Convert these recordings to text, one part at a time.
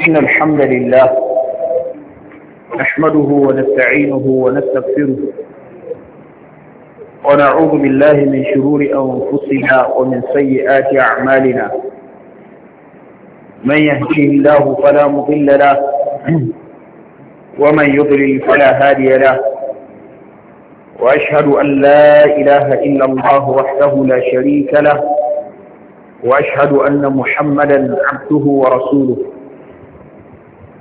إن الحمد لله نحمده ونستعينه ونستغفره ونعوذ بالله من شرور أنفسنا ومن سيئات أعمالنا من يهديه الله فلا مضل له ومن يضلل فلا هادي له وأشهد أن لا إله إلا الله وحده لا شريك له وأشهد أن محمدا عبده ورسوله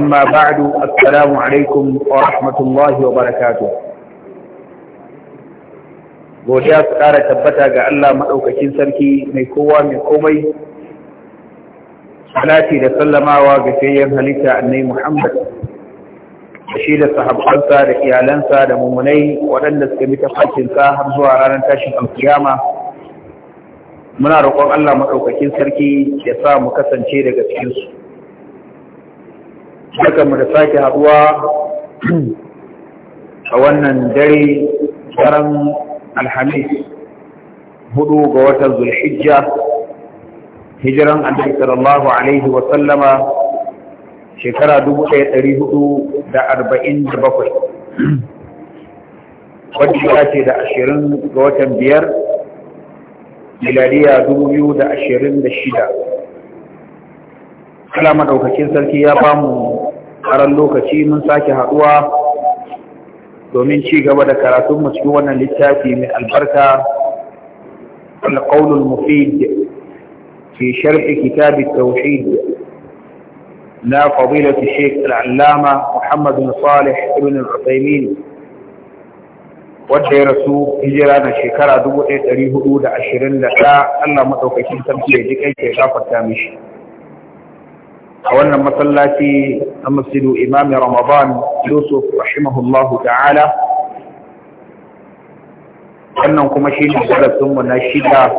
أما بعد السلام عليكم ورحمة الله وبركاته godiya su tsara tabbata ga Allah maɗaukakin sarki mai kowa mai komai salati da sallamawa ga fayyan halitta annai Muhammad da shi da sahabbansa da iyalansa da mummunai waɗanda suka bi tafarkinsa har zuwa ranar tashin alkiyama muna roƙon Allah maɗaukakin sarki ya sa mu kasance daga cikinsu barkanmu da sake haɗuwa a wannan dare daren alhamis hudu ga watan zulhijja hijiran annabi sallallahu alaihi wa sallama shekara 1447 wadda ya ce da ashirin ga watan biyar miladiya 2026 kala madaukakin sarki ya bamu karan lokaci mun sake haduwa domin ci gaba da karatun mu cikin wannan littafi mai albarka al mufid fi sharh kitab at-tauhid na fadilat al-shaykh al-allama Muhammad bin Salih ibn al-Uthaymeen wanda ya rasu hijira na shekara 1421 Allah madaukakin sarki ya ji kai ke gafarta mishi a wannan masallaci a masjidu Imami ramadan yusuf rahimahullahu ta'ala wannan kuma shi ne darasinmu na shida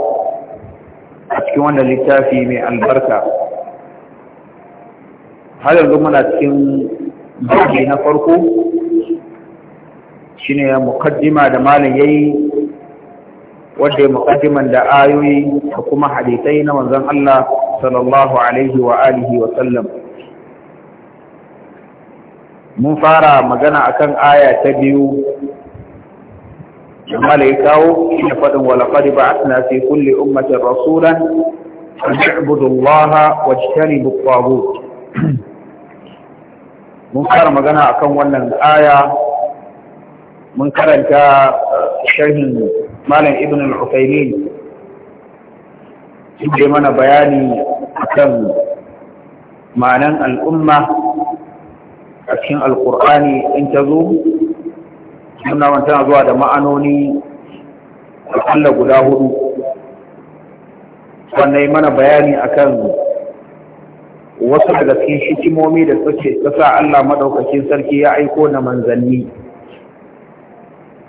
a cikin wannan littafi mai albarka har yanzu muna cikin baki na farko shi ne mukaddima da malin yayi wadda ya mukaddiman da ayoyi da kuma hadisai na manzon Allah صلى الله عليه وآله وسلم mun fara magana akan aya ta biyu malaikawo ya faɗin walaƙari ba kulle ummatin rasulan a shi'budullaha wa magana akan wannan aya mun karanta sharhin malam inda mana bayani akan ma'anan al'umma a cikin alkur'ani in ta zo suna wantana zuwa da ma'anoni akalla guda hudu Wannan yi mana bayani akan wasu daga cikin shikimomi da suke sa Allah maɗaukakin sarki ya aiko na manzanni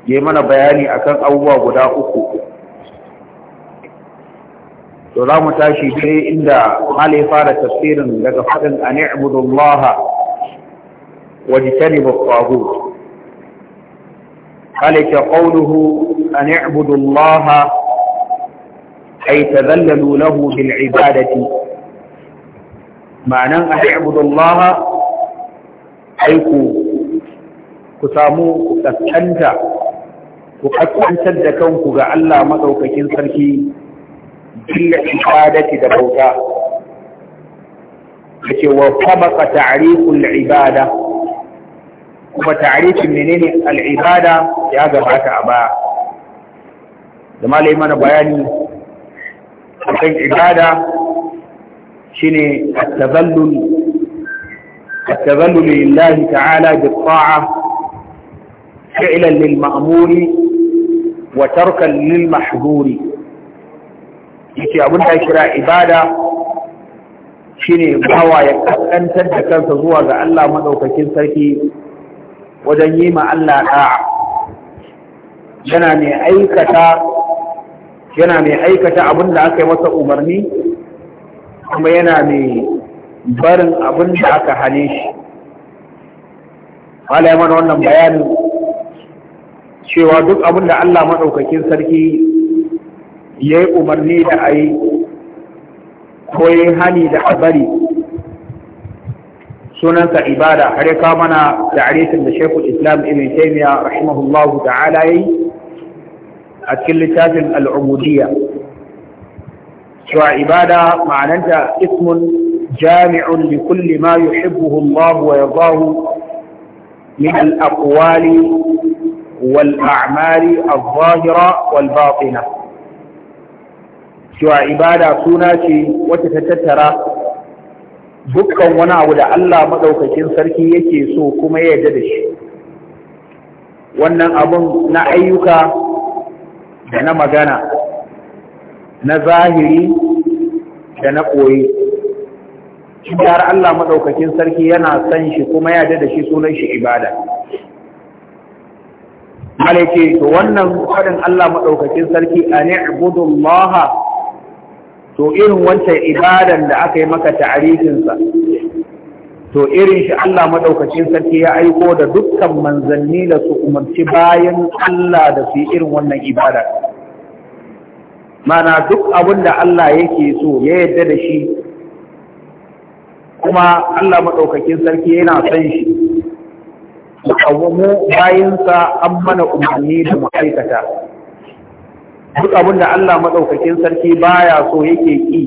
yi mana bayani akan abubuwa guda uku to za mu tashi dai inda malai fara tafsirin daga faɗin a ni'budullaha wa jitanibu tsagut malai ta ƙaunuhu a ni'budullaha ay tazallalu lahu bil ibadati ma'anan a ni'budullaha ai ku ku samu ku kaskanta ku kaskantar da kanku ga Allah maɗaukakin sarki illa ibadati da bauta yace wa sabaqa ta'riful ibada kuma ta'rifin menene al-ibada ya gabata a baya da malai mana bayani akan ibada shine at-tazallul التذلل لله تعالى بالطاعة فعلا للمأمور وتركا للمحظور yake abin da kira ibada shine bawa ya kaskantar da kansa zuwa ga Allah madaukakin sarki wajen yi ma Allah da'a yana mai aikata yana mai aikata abin da aka yi masa umarni kuma yana mai barin abin da aka hane shi malaye mana wannan bayanin cewa duk abin da Allah madaukakin sarki ya yi umarni da a yi ko yi hani da a bari sunansa ibada har ya kawo mana ta'arifin da shekul islam ibn taimiya rahimahullah ta'ala yi a cikin littafin al'ubudiyya cewa ibada ma'ananta ismun jami'un li kulli ma yuhibbuhu Allah wa yadahu min al-aqwali wal a'mali adh-dhahira wal batinah cewa ibada suna ce wata ta tattara dukkan wani abu da Allah maɗaukakin sarki yake so kuma ya yarda da shi wannan abun na ayyuka da na magana na zahiri da na koyi har Allah maɗaukakin sarki yana san shi kuma ya da shi sunan shi ibada malaike to wannan haɗin Allah maɗaukakin sarki a ni'budullaha to irin wancan ibadan da aka yi maka ta'arifinsa to irin shi Allah maɗaukakin sarki ya aiko da dukkan manzanni da su umarci bayan Allah da su irin wannan ibada mana duk abin da Allah yake so ya yadda da shi kuma Allah maɗaukakin sarki yana son shi mu bayansa an mana umarni da mu aikata duk abin da Allah maɗaukakin sarki baya so yake ƙi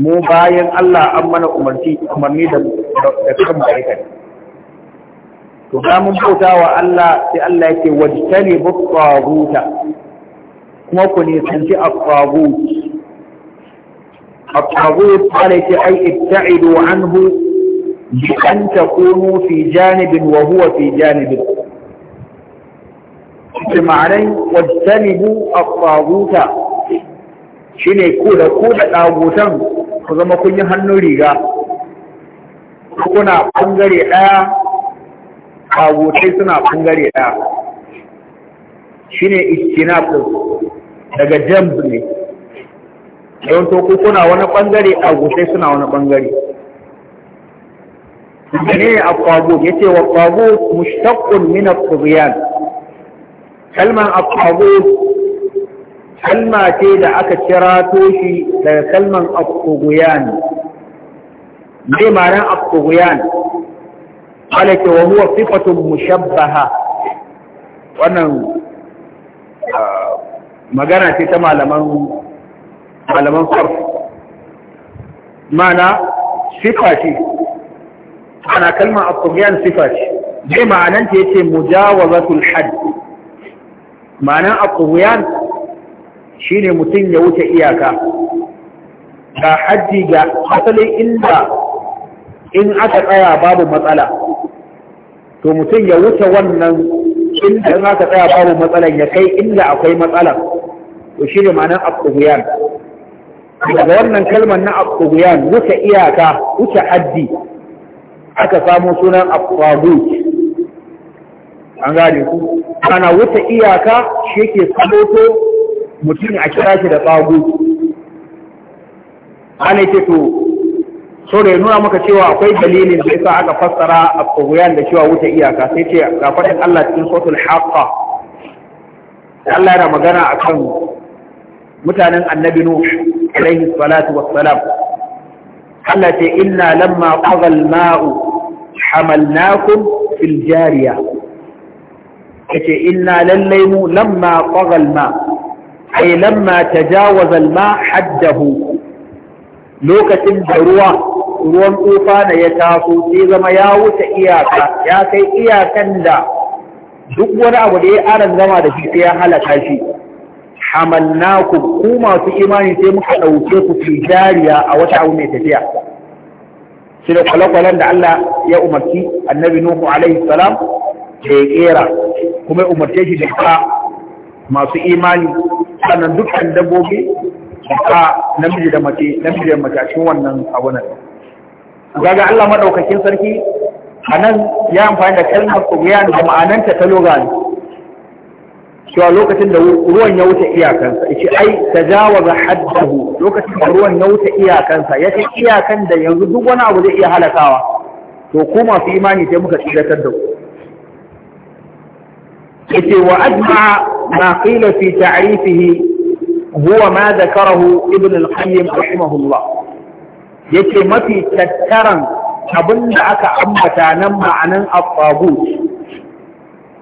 mu bayan Allah an mana umarci umarni da kan aikata. To ga mun bauta wa Allah sai Allah yake wajtani bu tsaguta kuma ku ne a tsagut. A yake ai ibta'idu anhu bi an takunu fi janibin wa huwa fi janibin. da ma'anai wajtanibu at-taguta shine ku da ku da tagutan ku zama kun yi hannun riga kuna bangare daya tagutai suna bangare daya shine ijtinab daga jamb ne don to ku kuna wani bangare tagutai suna wani bangare ne a kwago yace wa kwago mushtaqqun min at-tughyan kalmar abu kalma ce da aka kira toshi daga kalman akuguyan mai maran akuguyan alake wa huwa sifatun mushabbaha wannan ah, magana ce ta malaman malaman mana sifa ce ana kalmar akuguyan sifa ce mai ma'ananta yace mujawazatul hadd ma'anan aquyan shine mutum ya wuce iyaka ga haddi ga asalin inda in aka tsaya babu matsala to mutum ya wuce wannan inda in aka tsaya babu matsalan ya kai inda akwai matsala to shine ma'anan aquyan daga wannan kalmar na aquyan wuce iyaka wuce haddi aka samu sunan aquyan an gane ku ana wuta iyaka shi yake saboto mutum a kira shi da tsago ana yake to so da ya nuna maka cewa akwai dalilin da yasa aka fassara a tsoguyan da cewa wuta iyaka sai ce ga faɗin Allah cikin sotul haqqa Allah yana magana akan mutanen annabi Nuh alaihi salatu wassalam Allah ce inna lamma qagal ma'u hamalnakum fil yace inna lallai mu lamma tsagal ma ai lamma tajawaza ma haddahu lokacin da ruwa ruwan tsufa na ya taso sai zama ya wuce iyaka ya kai iyakan da duk wani abu da ya aran zama da shi sai ya halaka shi hamalnakum ku masu imani sai muka ɗauke ku fi jariya a wata abu mai tafiya shi da kwale-kwalen da Allah ya umarci annabi Nuhu alaihi salam da ya kera kuma ya umarce shi da ka masu imani sannan dukkan dabbobi da ka namiji da mace namiji da mace a cikin wannan abunan gaga Allah madaukakin sarki a nan ya amfani da kalmar ya da ma'ananta ta logan cewa lokacin da ruwan ya wuce iyakansa ce ai tajawaza haddahu lokacin da ruwan ya wuce iyakansa ya ce iyakan da yanzu duk wani abu zai iya halakawa to ku masu imani sai muka tsiratar da ku yace wa ajma ma qila fi ta'rifihi huwa ma dhakarahu ibn al-qayyim rahimahullah yace mafi tattaran abinda aka ambata nan ma'anan at-tagut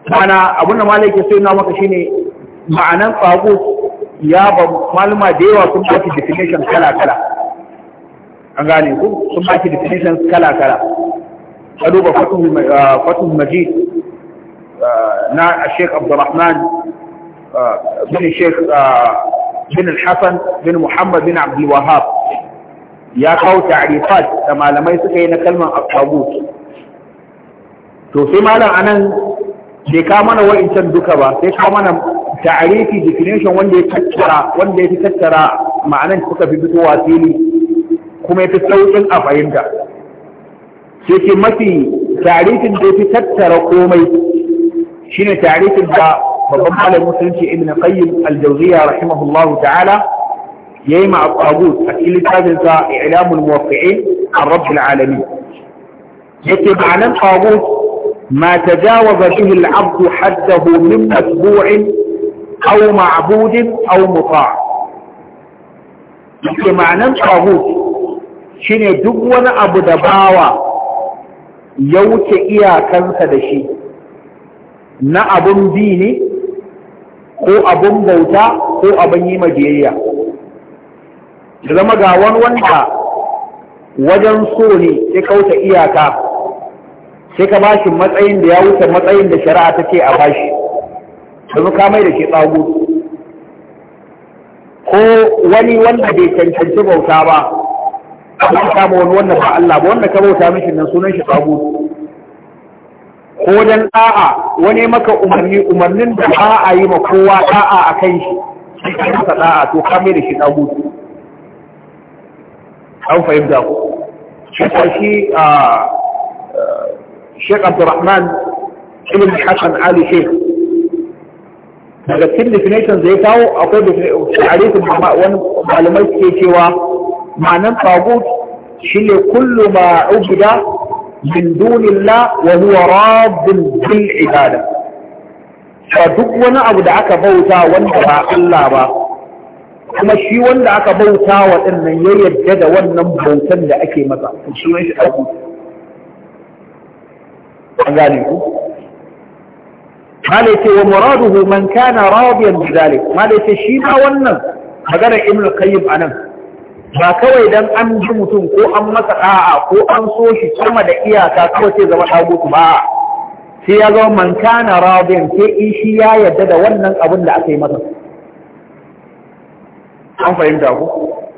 mana abinda malaka sai na maka shine ma'anan tagut ya ba maluma da yawa sun ba definition kala kala an gane ku sun ba definition kala kala ka duba fatuhul majid na Sheikh Abdurrahman bin Sheikh bin al bin Muhammad bin Abdul Wahhab ya kawo ta'rifat da malamai suka yi na kalmar at to sai malam anan bai ka mana wa'incan duka ba sai ka mana ta'arifi definition wanda ya tattara wanda ya fi tattara ma'anan suka fi fitowa fili kuma ya fi sauƙin a fahimta sai mafi tarifin da ya fi tattara komai shine tarihin da babban malamin musulunci ibn qayyim al-jawziyya rahimahullahu ta'ala yayi ma abu a cikin littafin sa i'lamul muwaqqi'in an rabbil alamin yake ma'anar qagut ma tajawaza bihi al-'abd haddahu min masbu'in aw ma'budin aw muta' yake ma'anar qagut shine duk wani abu da bawa ya wuce iyakansa da shi na abun bi ne ko abun bauta ko abun yi majiyayya da zama ga wani wanda wajen so ne sai kauta iyaka sai ka bashi matsayin da ya wuce matsayin da shari'a ta ce a bashi domin ka mai da shi tsago ko wani wanda bai cancanci bauta ba ka kama wani wanda ba Allah ba wanda ka bauta mishi nan sunan shi tsago ko dan da'a wani maka umarni umarnin da ba a yi ma kowa da'a a kan shi shi ka masa da'a to ka mai da shi dan hutu an fahimta ku shi ta shi a Sheikh Abdurrahman Ibn Hassan Ali Sheikh daga cikin definition zai kawo akwai rikin wani malamai ke cewa ma'anan tagut shi ne kullu ma'ubida min dunillah wa huwa rabbul bil ibada fa duk wani abu da aka bauta wanda ba Allah ba kuma shi wanda aka bauta wa dinnan ya yadda da wannan bautan da ake masa shi wani shi dauki an gane ku malai ce wa muraduhu man kana radiyan bi zalik malai ce shi ma wannan maganar ibnu qayyim anan ba kawai dan an ji mutum ko an masa ɗa'a ko an so shi sama da iyaka kawai sai zama ɗago ba sai ya zama man kana rabin sai in shi ya yarda da wannan abin da aka yi masa an fahimta ku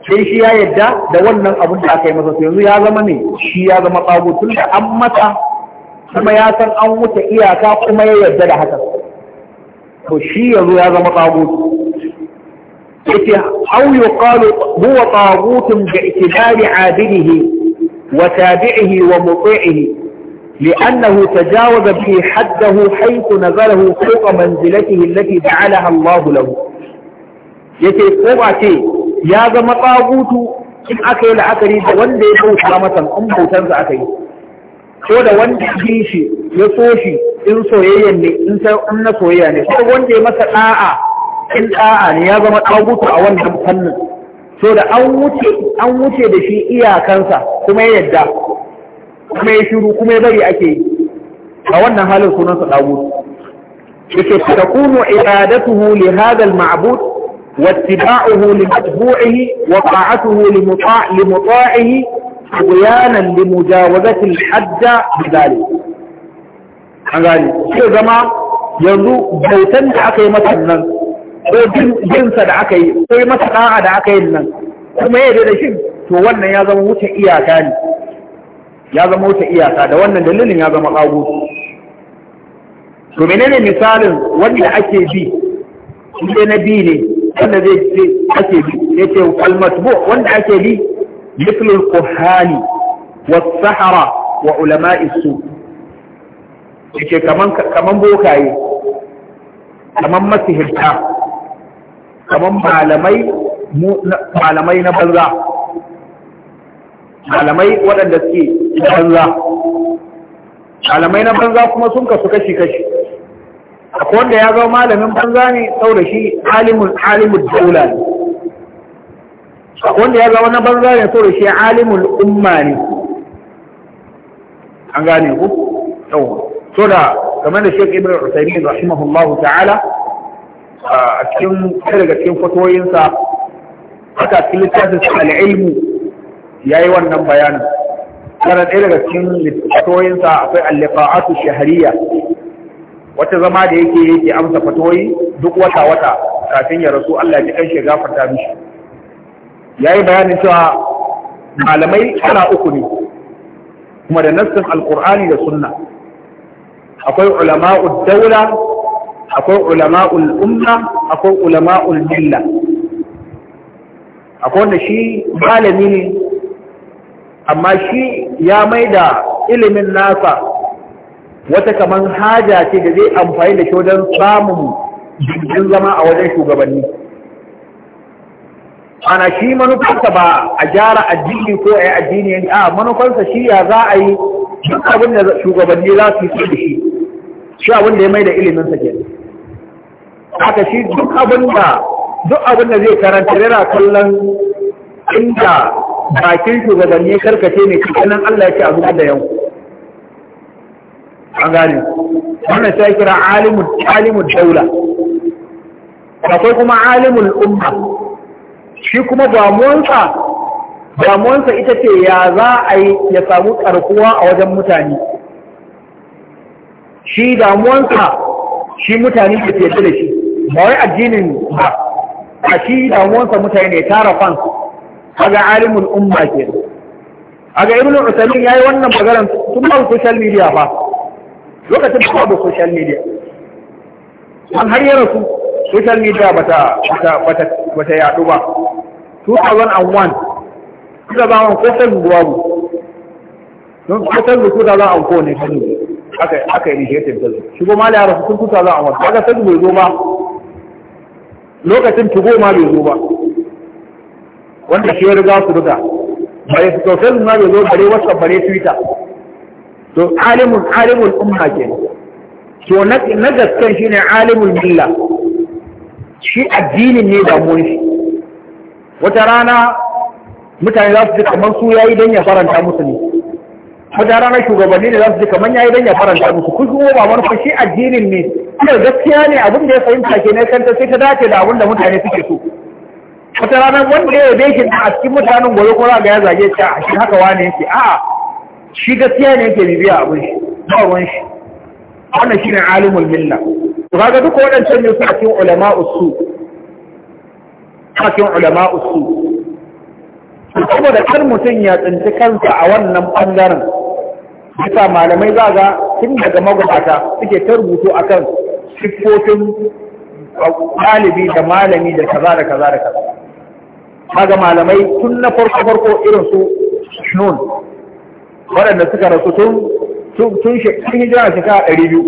sai shi ya yarda da wannan abin da aka yi masa yanzu ya zama ne shi ya zama ɗago tun da an masa kuma ya san an wuce iyaka kuma ya yarda da haka to shi yanzu ya zama ɗago yace au yuqalu huwa taghutun bi itibari abidihi wa tabi'ihi wa muti'ihi لأنه تجاوز به حده حيث نزله فوق منزلته التي جعلها الله له yace ko ba ce ya zama tsagutu in aka la'akari da wanda ya bauta masa in bautar aka yi ko da wanda ya so shi in soyayya ne na soyayya ne ko wanda ya masa da'a in da'a ne ya zama ɗaukutu a wannan fannin so da an wuce an wuce da shi iyakansa kuma ya yadda kuma ya shiru kuma ya bari ake yi a wannan halin sunansa ɗagutu yake takunu ibadatuhu li wa al-ma'bud واتباعه لمتبوعه وطاعته limuja wa zafin لمجاوزة الحد بذلك an gane sai zama yanzu bautan da aka yi masa nan ko jinsa da aka yi ko masa da'a da aka yi nan kuma yadda da shi to wannan ya zama wuce iyaka ne ya zama wuce iyaka da wannan dalilin ya zama kago to menene misalin wanda ake bi shi na bi ne wanda zai ce ake bi yace almatbu wanda ake bi wa Sahara wa وعلماء السوء yake kaman bokaye kaman masihirta kamar malamai malamai na banza malamai waɗanda suke banza malamai na banza kuma sun kasu kashi-kashi akwai wanda ya zama malamin banza ne da shi alimun alimun daula ne akwai wanda ya zama na banza ne da shi alimun umma ne an gane ku? yau so da kamar da shek ibrahim usaimin rahimahullahu ta'ala a cikin daga cikin fatoyinsa haka cikin littafin al'ilmu ya yi wannan bayanin kana ɗaya daga cikin fatoyinsa akwai al-liqa'atu shahriya wata zama da yake yake amsa fatoyi duk wata wata kafin ya rasu Allah ya kan shi gafarta mishi yayi bayanin cewa malamai ana uku ne kuma da nassin alkur'ani da sunna akwai ulama'ud daula akwai ulama'ul umma akwai ulama'ul milla akwai wanda shi malami ne amma shi ya maida ilimin nasa wata kaman haja ce da zai amfani da shi samun jirgin zama a wajen shugabanni ana shi manufarsa ba a gyara addini ko a yi addini a manufarsa shi ya za a yi duk abin da shugabanni za su yi da shi shi abin da ya mai da iliminsa ke haka shi duk abin da duk abin da zai karanta yana kallon inda bakin shugabanni karkace ne kakanin Allah ya ce abu da yau an gane wannan sai kira alimul daula akwai kuma alimul umma shi kuma damuwansa damuwansa ita ce ya za a yi ya samu karkuwa a wajen mutane shi damuwansa shi mutane ke fiye da shi ba wai addinin ba a shi damuwansa mutane tara fan kaga alimul umma ke aga ibnu usaimin yayi wannan magaran tun ba social media ba lokacin ba ba social media an har ya rasu social media bata bata bata bata yadu ba 2001 suka ba wa ko san babu don ko san da kuda za a ko ne kan aka aka initiative da shi kuma da yara rasu tun kuta za a wata kaga sai bai zo ba lokacin tugo ma bai zo ba wanda shi ya riga su buga bare su kyautar ma bai zo bare wasu bare twitter to alimun alimun umma ke to na gaskan shi ne alimun milla shi addinin ne damuwar shi wata rana mutane za su ji kamar su yayi don ya faranta musu ne wata rana shugabanni ne za su ji kamar yayi don ya faranta musu kun kuma ba manufar shi addinin ne kuma gaskiya ne abin da ya fahimta ke na kanta sai ta dace da abin da mutane suke so wata rana, wanda ya yabe shi a cikin mutanen gobe ko ga ya zage ta a ah, shi haka wani yake a'a shi gaskiya ne yake bibiya abin shi ba ruwan shi wannan ne alimul milla to kaga duk waɗancan ne su a cikin ulama usu a cikin ulama usu saboda kar mutum ya tsinci kansa a wannan bangaren bisa malamai za ga tun daga magabata suke ta rubutu kan. siffofin ɗalibi da malami da kaza da kaza da kaza kaga malamai tun na farko farko irin su nun waɗanda suka rasu tun hijira tun hijira shekara ɗari biyu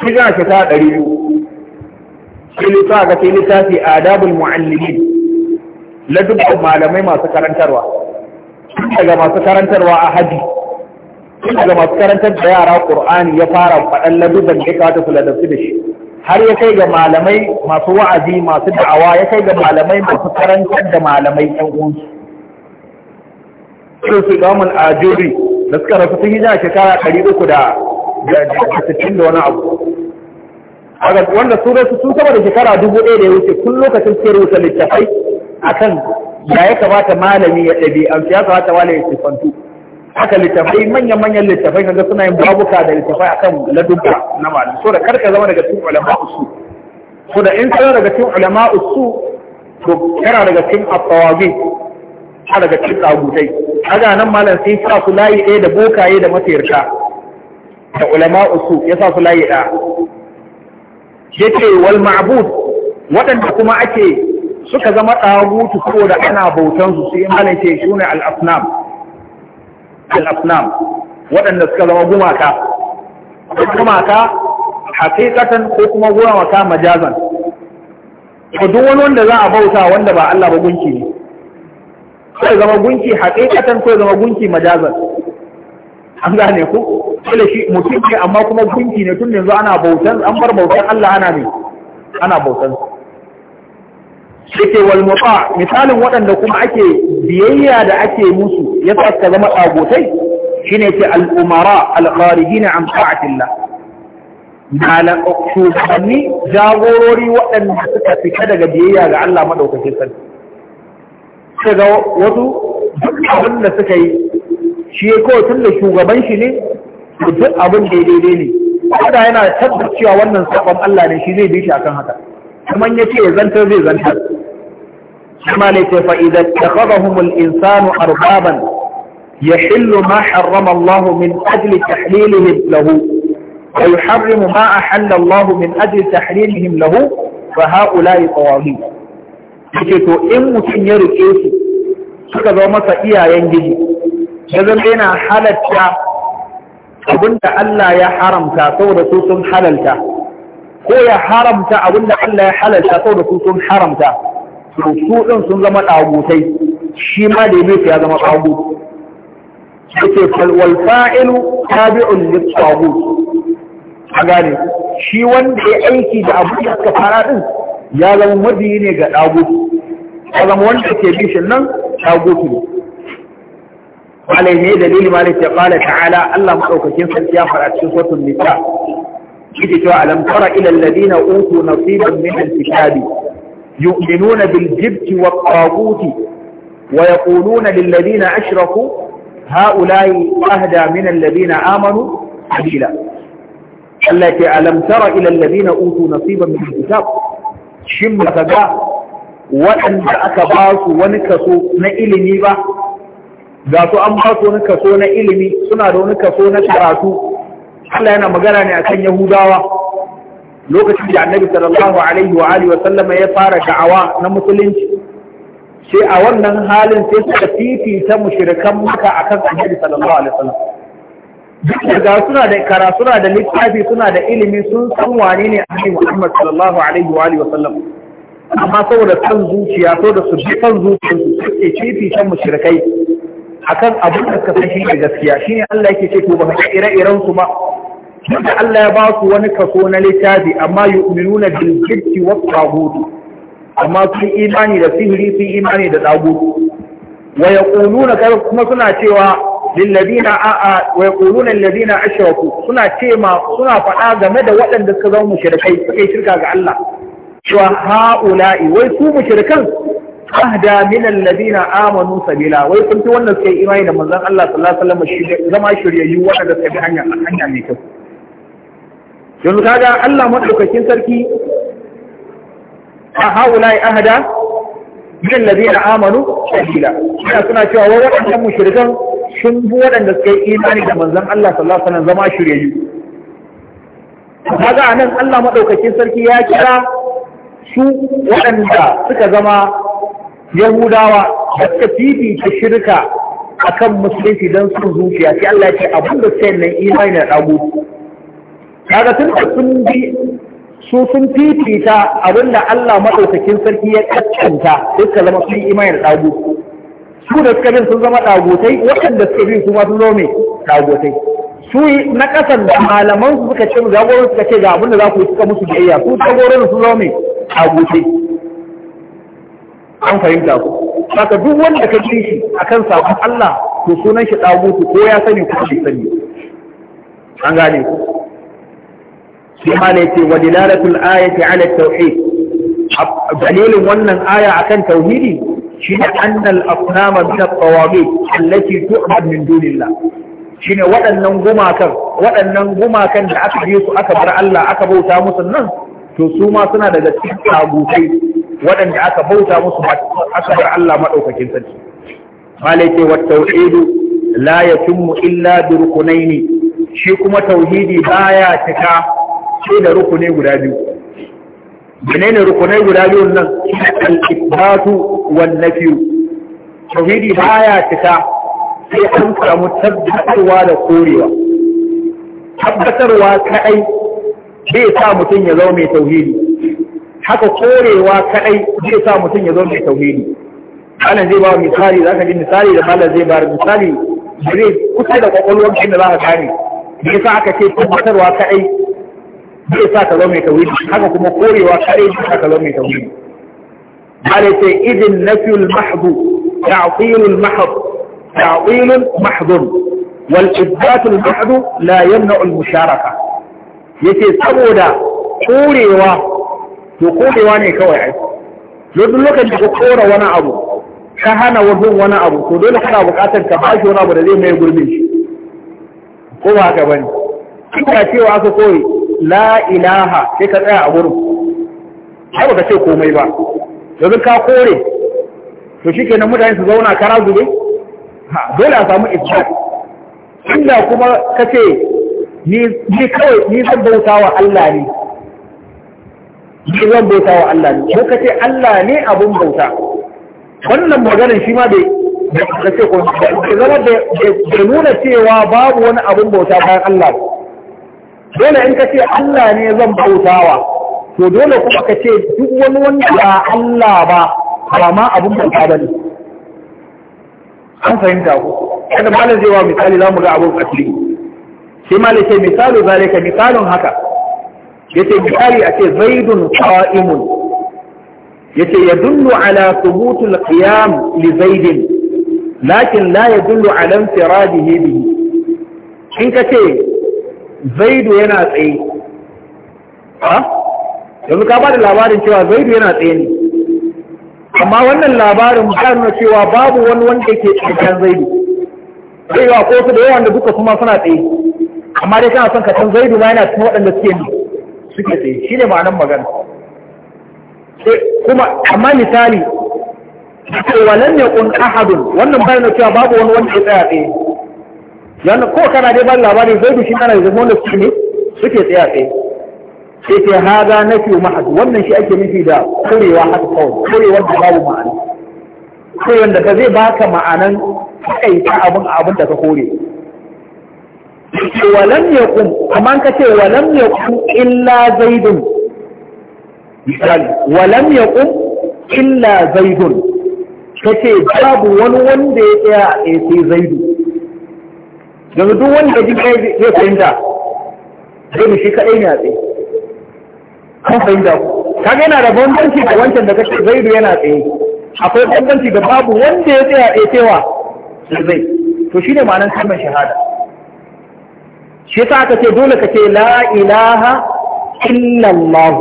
hijira shekara ɗari biyu sai littafi ga sai littafi adabul mu'allimin ladubban malamai masu karantarwa Tun daga masu karantarwa a haji daga masu karantar da yara Qur'ani ya fara faɗan ladubban da ya kawata su ladabci da shi har ya kai ga malamai masu wa'azi masu da'awa ya kai ga malamai masu karantar da malamai ƴan uwansu irin su gamun ajuri da suka rasu sun yi hijira shekara ɗari uku da sittin da wani abu wanda su rasu sun saba da shekara dubu ɗaya da ya wuce kun lokacin suke rubuta littafai akan ya ya kamata malami ya ɗabi an ya kamata malami ya sifantu haka littafai manyan-manyan littafai kaga suna yin babuka da littafai akan ladubba na malam so da karka zama daga cikin ulama usu so da in kana daga cikin ulama usu to kana daga cikin afawabi kana daga cikin tsagutai kaga nan malam sai sa su layi ɗaya da bokaye da masirka da ulama usu ya sa su layi ɗaya Yake wal ma'bud waɗanda kuma ake suka zama tsagutu saboda ana bautansu sai malam ce shune al-asnam al waɗanda suka zama gumaka gumaka hakikatan ko kuma gumaka majazan ko duk wani wanda za a bauta wanda ba Allah ba gunki ne ko zama gunki hakikatan ko zama gunki majazan an gane ku kula shi mutum ne amma kuma gunki ne tun yanzu ana bautan an bar bautan Allah ana ne ana bautan su yake wal muta misalin waɗanda kuma ake biyayya da ake musu ya tsaka zama ɗagotai, shine ce al umara al kharijina an Na malan shugabanni jagorori waɗanda suka fita daga biyayya ga Allah madaukakin sarki sai ga wasu duk abin da suka yi shi ya kawai tun da shugaban shi ne duk abin daidai ne ko da yana tabbacewa wannan sabon Allah ne shi zai bi shi kan haka kuma ya ce ya zantar zai zantar kuma ne ce fa'idar ta kaza humul insanu arbaban ya hillu ma harrama Allah min ajli tahlilihim lahu wa yuharrimu ma ahalla Allah min ajli tahlilihim lahu fa haula'i qawamin yace to in mutum ya rike su suka zama masa iyayen gidi ya zama yana halatta abinda Allah ya haramta saboda su sun halalta ko ya haramta abinda Allah ya halalta sau da su sun haramta to su ɗin sun zama ɗagutai shi ma da yabe ya zama ɗagu yake falwal fa'ilu tabi'un lit ɗagu a gane shi wanda ya aiki da abu da aka fara ɗin ya zama mabiyi ne ga ɗagu ya zama wanda ke bi shi nan ɗagu ne alai ne dalili malik ya kala ta'ala Allah madaukakin sarki ya fara cikin suratul nisa yake cewa alam tara ila alladhina utu nasiban min al-kitabi yu'minuna bil jibti wat taguti wa yaquluna lil ladina ashraku ha'ula'i ahda min alladhina amanu sabila Allah ke alam tara ila alladhina utu nasiban min al-kitab shin baka ga waɗanda aka basu wani kaso na ilimi ba ga su an basu wani kaso na ilimi suna da wani kaso na karatu Allah yana magana ne akan Yahudawa lokacin da Annabi sallallahu alaihi wa alihi wa sallama ya fara da'awa na musulunci sai a wannan halin sai suka fifita mushrikan maka akan Annabi sallallahu alaihi wa sallam duk da suna da kara suna da littafi suna da ilimi sun san wane ne Annabi Muhammad sallallahu alaihi wa alihi wa sallam amma saboda san zuciya so da su bi san zuciyarsu suke fifita mushrikai akan abin da suka san shi ne gaskiya shine Allah yake ce to ba ka ire-iren su ba duka Allah ya ba su wani kaso na littafi amma yu'minuna bil jibti wa taghut amma su imani da sihiri su imani da taghut wa yaquluna kuma suna cewa lil ladina a wa yaquluna lil ladina ashraku suna ce ma suna faɗa game da waɗanda suka zama mushrikai suka yi shirka ga Allah cewa ha'ula'i wai su mushrikan ahda min alladhina amanu sabila wai kun ci wannan sai imani da manzon Allah sallallahu alaihi wasallam zama shiryayyu wanda suka bi hanya hanya mai kyau yanzu kaga Allah maɗaukakin sarki a ya ahada min na amanu sabila ina suna cewa wa waɗannan mashirkan sun bi waɗanda suka yi imani da manzan Allah sallallahu alaihi wasallam zama shiryayyu kaga anan Allah maɗaukakin sarki ya kira su waɗanda suka zama yahudawa da suka ta shirka akan musulunci don sun zuciya sai Allah ya ce abin da sai nan imani na dago kaga tun da sun bi su sun titita abinda Allah maɗaukakin sarki ya kaskanta suka zama sun imanin ɗagu su da suka bin sun zama ɗagotai waɗanda suka bin su ma sun zama ɗagotai su na ƙasan da malaman su suka ce mu jagoran suka ce ga abinda za ku yi suka musu biyayya su jagoran sun zama ɗagotai an fahimta ku saka duk wanda ka ji shi akan sabon Allah to sunan shi ɗagotu ko ya sani ko bai sani an gane ku shi ma ne ce wa dilalatul ayati ala tauhid dalilin wannan aya akan tauhidi shine annal asnama min at-tawagit allati tu'bad min dunillah shine waɗannan gumakan waɗannan gumakan da aka yi su aka bar Allah aka bauta musu nan to su ma suna daga cikin tagutai waɗanda aka bauta musu ba aka bar Allah madaukakin sarki malaike wa tauhid la yatimmu illa bi rukunaini shi kuma tauhidi baya cika sai da rukuni guda biyu menene rukunai guda biyu nan al-ithbatu wan nafiyu tauhidi baya cika sai an samu tabbatarwa da korewa tabbatarwa kadai zai sa mutum ya zama mai tauhidi haka korewa kadai zai sa mutum ya zama mai tauhidi malam zai ba misali zaka ji misali da malam zai ba misali zai kusa da kwakwalwar inda za ka gane me yasa aka ce tabbatarwa kadai zai sa ka zo mai tauhidi haka kuma korewa kare zai sa ka zo mai tauhidi malai sai idin nafiyul mahdu ta'tilul mahd ta'tilul mahdun wal ibdatul mahdu la yamna'ul musharaka yace saboda korewa to korewa ne kawai ai duk lokacin da ka kora wani abu ka hana wajen wani abu to dole kana buƙatar ka bashi wani abu da zai mai gurbin shi ko ba haka bane ina cewa aka koyi la ilaha sai ka tsaya a wurin ba ka ce komai ba Yanzu ka kore to shikenan mutane su zauna kara zube ha dole a samu ibad inda kuma ka ce ni kawai ni zan bauta wa Allah ne ni zan bauta wa Allah ne ko ka ce Allah ne abun bauta wannan maganar shi ma bai da ce ko zama da nuna cewa babu wani abun bauta bayan Allah dole in ka ce Allah ne zan bautawa to dole kuma ka ce duk wani wanda ba Allah ba ba ma abin bauta bane an fahimta ku kada malam zai wa misali za mu ga abun asiri sai malam ce misalu ka misalin haka Ya ce misali a ce zaidun qa'imun ya yadullu ala thubutul qiyam li zaidin lakin la yadullu ala infiradihi bihi in ka ce zaidu yana tsaye ha yanzu ka bada labarin cewa zaidu yana tsaye ne amma wannan labarin ba nuna cewa babu wani wanda ke tsakan zaidu zai yi ko su da yawan da duka kuma suna tsaye amma dai kana son katon zaidu ma yana cikin waɗanda suke ne suke tsaye shi ne ma'anar magana kuma amma misali walan ne kun ahadun wannan bayan cewa babu wani wanda ya tsaya tsaye yana ko kana dai ban labarin da shi kana da wanda su ne suke tsaya tsaye sai ce haza na fi mahad wannan shi ake nufi da kurewa haka kawai kurewa da babu ma'ana kurewar da ka zai baka ma'anan kaita abin a abin da ka kore walam ya kun amma ka ce walam ya kun illa zaidun misali walam ya kun illa zaidun ka ce babu wani wanda ya tsaya a tsaye sai zaidu yanzu duk wanda ji kai zai fahimta zai mu kaɗai ne a tsaye kan fahimta ka ga yana da bambanci da wancan da kake zaidu yana tsaye akwai bambanci da babu wanda ya tsaya tsaye cewa zai to shi ne ma'anar kalmar shahada shi yasa aka ce dole ka ce la ilaha illallah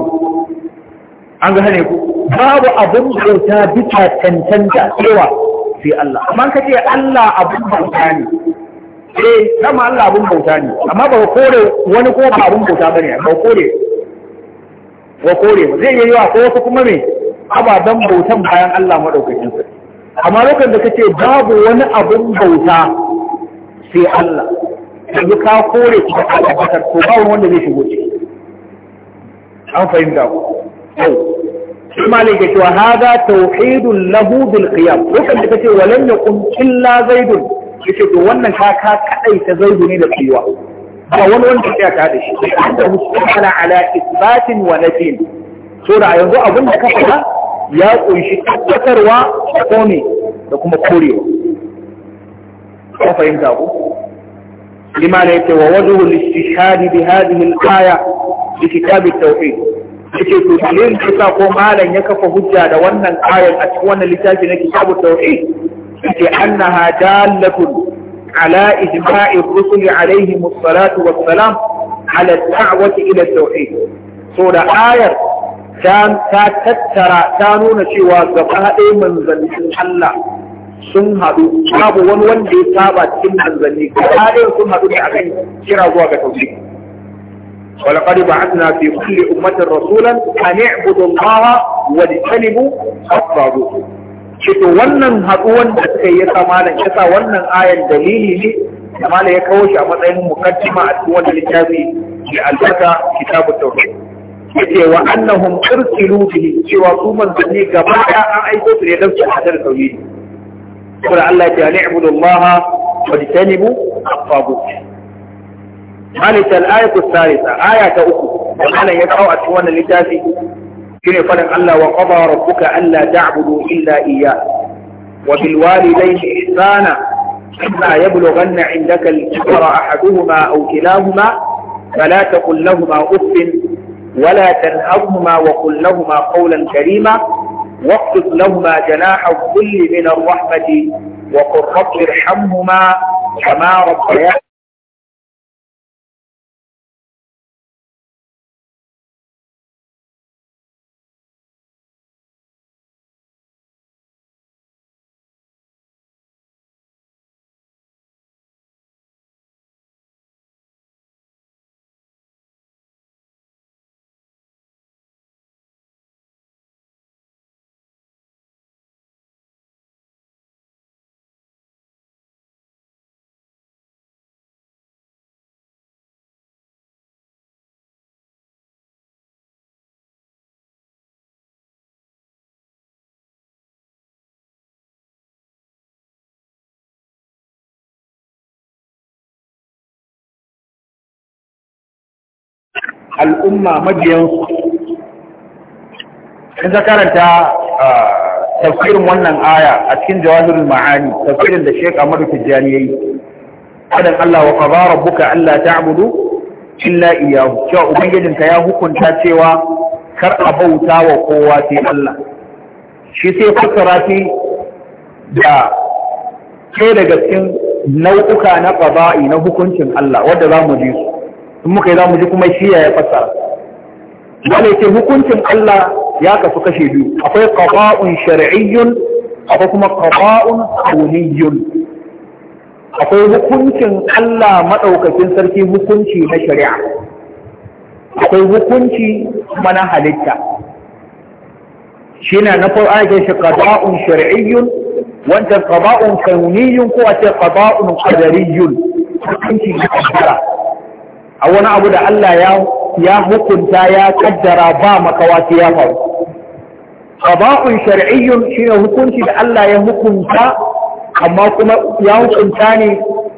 an ga hane ku babu abin bauta bisa cancanta cewa sai Allah amma ka ce Allah abin bauta ne eh dama Allah abun bauta ne amma ba kore wani ko ba abun bauta bane ba kore ba kore zai yi wa ko wasu kuma me ababen bautan bayan Allah madaukakin sarki amma lokacin da kace babu wani abun bauta sai Allah yanzu ka kore kuma ka tabbatar ko ba wanda zai shigo ciki an fahimta ku shi malik ya ce wa hada tauhidun lahu bil qiyam lokacin da kace walan yakun illa zaidun yace to wannan ka ka kadai ta zaidu ne da tsiwa ba wani wanda ya ka da shi inda mustaqala ala isbatin wa nafin so da yanzu abin da ka faɗa ya kunshi tabbatarwa ko ne da kuma korewa ka fahimta ko لماذا يتوى وجه الاستشهاد بهذه الآية لكتاب التوحيد yake to dalilin da yasa ko malam ya kafa hujja da wannan ayar a cikin wannan littafi na kitabu tauhid ce annaha dalatun ala ijma'ir rusuli alaihi musallatu wassalam ala da'wati ila tauhid so da ayar ta tattara ta nuna cewa gaba Allah sun haɗu babu wani wanda ya saba cikin manzanni gaba ɗaya sun haɗu da akan kira zuwa ga tauhid ولقد بعثنا في كل أمة رسولا أن اعبدوا الله واجتنبوا الطاغوت to wannan haɗuwan da suka yi yasa malam wannan ayan dalili ne da malam ya kawo shi a matsayin mukaddima a cikin wannan littafi mai albarka kitabu tauhid ce, wa annahum irsilu bihi cewa su manzanni gaba ɗaya an aiko su ne don su hadar tauhid saboda Allah ya ce ani ibudullaha wa tajtanibu at-taghut malam al-ayatu ath aya ta uku malam ya kawo a cikin wannan littafi shine fadin Allah wa qada rabbuka alla ta'budu illa iyyah wa bil walidayni ihsana imma yablughanna 'indaka al kibara ahaduhuma aw kilahuma fala taqul lahumā uff wa ولا تنهرهما وقل لهما قولا كريما janāha kulli min ar-raḥmati wa وقل rabbi irhamhumā kamā rabbayānī al'umma majiyansu. in ka karanta tafsirin wannan aya a cikin jawahirin ma'ani tafsirin da Sheikh Ahmad Tijjani yayi fadan Allah wa qadara rabbuka Allah ta'budu illa iyyahu cewa ubangijin ka ya hukunta cewa kar a bauta wa kowa sai Allah shi sai fassara shi da ke daga cikin nau'uka na qada'i na hukuncin Allah wanda zamu ji su in muka yi za mu ji kuma shi ya fassara wanda ce hukuncin Allah ya kasu kashe biyu akwai qada'un shar'iyyun akwai kuma qada'un kauniyyun akwai hukuncin Allah maɗaukacin sarki hukunci na shari'a akwai hukunci kuma na halitta shine na farko ake shi qada'un shar'iyyun wanda qada'un kauniyyun ko a ce qada'un qadariyun hukunci na shari'a a wani abu da Allah ya hukunta ya kaddara ba makawa sai ya faru qada'un shar'iyyun shine hukunci da Allah ya hukunta amma kuma ya hukunta ne